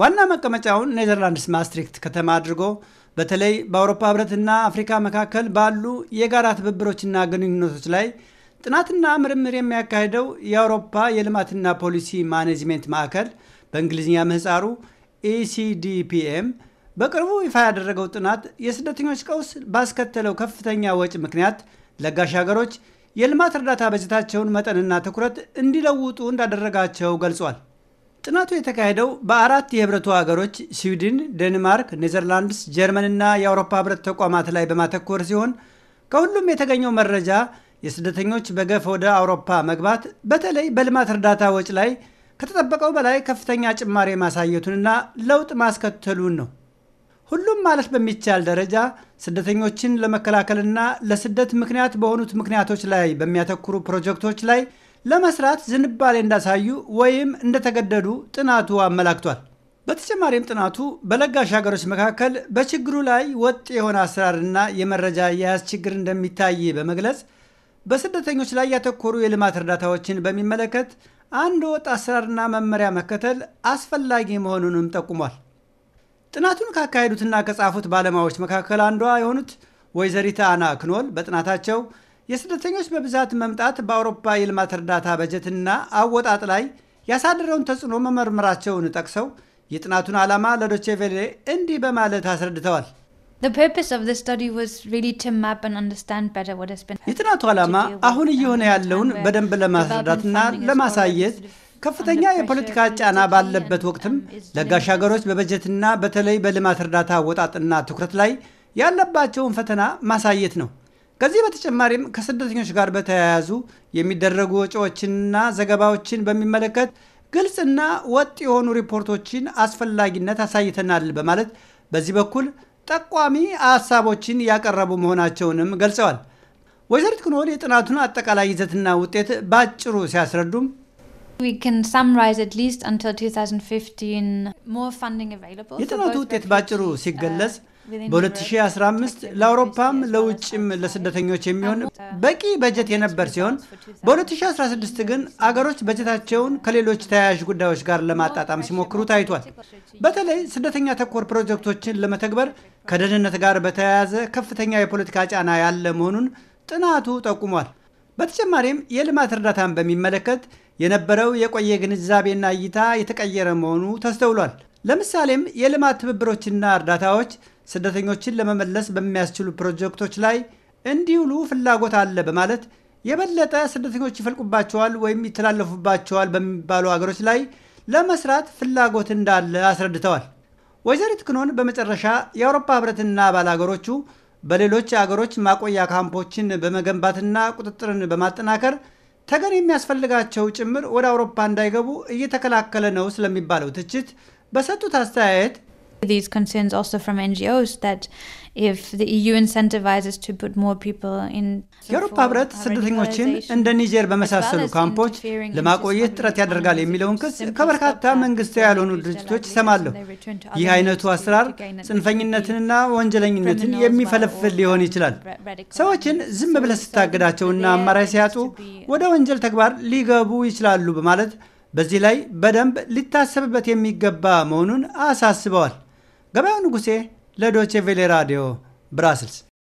ዋና መቀመጫውን ኔዘርላንድስ ማስትሪክት ከተማ አድርጎ በተለይ በአውሮፓ ህብረትና አፍሪካ መካከል ባሉ የጋራ ትብብሮችና ግንኙነቶች ላይ ጥናትና ምርምር የሚያካሄደው የአውሮፓ የልማትና ፖሊሲ ማኔጅሜንት ማዕከል በእንግሊዝኛ ምህፃሩ ኢሲዲፒኤም e በቅርቡ ይፋ ያደረገው ጥናት የስደተኞች ቀውስ ባስከተለው ከፍተኛ ወጪ ምክንያት ለጋሽ ሀገሮች የልማት እርዳታ በጀታቸውን መጠንና ትኩረት እንዲለውጡ እንዳደረጋቸው ገልጿል። ጥናቱ የተካሄደው በአራት የህብረቱ ሀገሮች ስዊድን፣ ዴንማርክ፣ ኔዘርላንድስ፣ ጀርመንና የአውሮፓ ህብረት ተቋማት ላይ በማተኮር ሲሆን ከሁሉም የተገኘው መረጃ የስደተኞች በገፍ ወደ አውሮፓ መግባት በተለይ በልማት እርዳታ ወጪ ላይ ከተጠበቀው በላይ ከፍተኛ ጭማሪ ማሳየቱንና ለውጥ ማስከተሉን ነው። ሁሉም ማለት በሚቻል ደረጃ ስደተኞችን ለመከላከልና ለስደት ምክንያት በሆኑት ምክንያቶች ላይ በሚያተኩሩ ፕሮጀክቶች ላይ ለመስራት ዝንባሌ እንዳሳዩ ወይም እንደተገደዱ ጥናቱ አመላክቷል። በተጨማሪም ጥናቱ በለጋሽ ሀገሮች መካከል በችግሩ ላይ ወጥ የሆነ አሰራርና የመረጃ አያያዝ ችግር እንደሚታይ በመግለጽ በስደተኞች ላይ ያተኮሩ የልማት እርዳታዎችን በሚመለከት አንድ ወጥ አሰራርና መመሪያ መከተል አስፈላጊ መሆኑንም ጠቁሟል። ጥናቱን ካካሄዱትና ከጻፉት ባለሙያዎች መካከል አንዷ የሆኑት ወይዘሪታ አና ክኖል በጥናታቸው የስደተኞች በብዛት መምጣት በአውሮፓ የልማት እርዳታ በጀትና አወጣጥ ላይ ያሳደረውን ተጽዕኖ መመርመራቸውን ጠቅሰው የጥናቱን ዓላማ ለዶቼ እንዲህ በማለት አስረድተዋል። የጥናቱ ዓላማ አሁን እየሆነ ያለውን በደንብ ለማስረዳትና ለማሳየት ከፍተኛ የፖለቲካ ጫና ባለበት ወቅትም ለጋሽ ሀገሮች በበጀትና በተለይ በልማት እርዳታ አወጣጥና ትኩረት ላይ ያለባቸውን ፈተና ማሳየት ነው። ከዚህ በተጨማሪም ከስደተኞች ጋር በተያያዙ የሚደረጉ ወጪዎችንና ዘገባዎችን በሚመለከት ግልጽና ወጥ የሆኑ ሪፖርቶችን አስፈላጊነት አሳይተናል በማለት በዚህ በኩል ጠቋሚ ሀሳቦችን ያቀረቡ መሆናቸውንም ገልጸዋል። ወይዘሪት ክኖር የጥናቱን አጠቃላይ ይዘትና ውጤት ባጭሩ ሲያስረዱም የጥናቱ ውጤት ባጭሩ uh, ሲገለጽ በ2015 ለአውሮፓም ለውጭም ለስደተኞች የሚሆን በቂ በጀት የነበር ሲሆን በ2016 ግን አገሮች በጀታቸውን ከሌሎች ተያያዥ ጉዳዮች ጋር ለማጣጣም ሲሞክሩ ታይቷል። በተለይ ስደተኛ ተኮር ፕሮጀክቶችን ለመተግበር ከደህንነት ጋር በተያያዘ ከፍተኛ የፖለቲካ ጫና ያለ መሆኑን ጥናቱ ጠቁሟል። በተጨማሪም የልማት እርዳታን በሚመለከት የነበረው የቆየ ግንዛቤና እይታ የተቀየረ መሆኑ ተስተውሏል። ለምሳሌም የልማት ትብብሮችና እርዳታዎች ስደተኞችን ለመመለስ በሚያስችሉ ፕሮጀክቶች ላይ እንዲውሉ ፍላጎት አለ በማለት የበለጠ ስደተኞች ይፈልቁባቸዋል ወይም ይተላለፉባቸዋል በሚባሉ አገሮች ላይ ለመስራት ፍላጎት እንዳለ አስረድተዋል። ወይዘሪት ክኖን በመጨረሻ የአውሮፓ ህብረትና አባል አገሮቹ በሌሎች አገሮች ማቆያ ካምፖችን በመገንባትና ቁጥጥርን በማጠናከር ተገን የሚያስፈልጋቸው ጭምር ወደ አውሮፓ እንዳይገቡ እየተከላከለ ነው ስለሚባለው ትችት በሰጡት አስተያየት These concerns also from NGOs that if the EU incentivizes to put more people in የአውሮፓ ህብረት ስደተኞችን እንደ ኒጀር በመሳሰሉ ካምፖች ለማቆየት ጥረት ያደርጋል የሚለውን ክስ ከበርካታ መንግስታዊ ያልሆኑ ድርጅቶች ይሰማለሁ። ይህ አይነቱ አሰራር ጽንፈኝነትንና ወንጀለኝነትን የሚፈለፍል ሊሆን ይችላል። ሰዎችን ዝም ብለህ ስታገዳቸውና አማራጭ ሲያጡ ወደ ወንጀል ተግባር ሊገቡ ይችላሉ በማለት በዚህ ላይ በደንብ ሊታሰብበት የሚገባ መሆኑን አሳስበዋል። ገበያው ንጉሴ ለዶቼ ቬሌ ራዲዮ ብራስልስ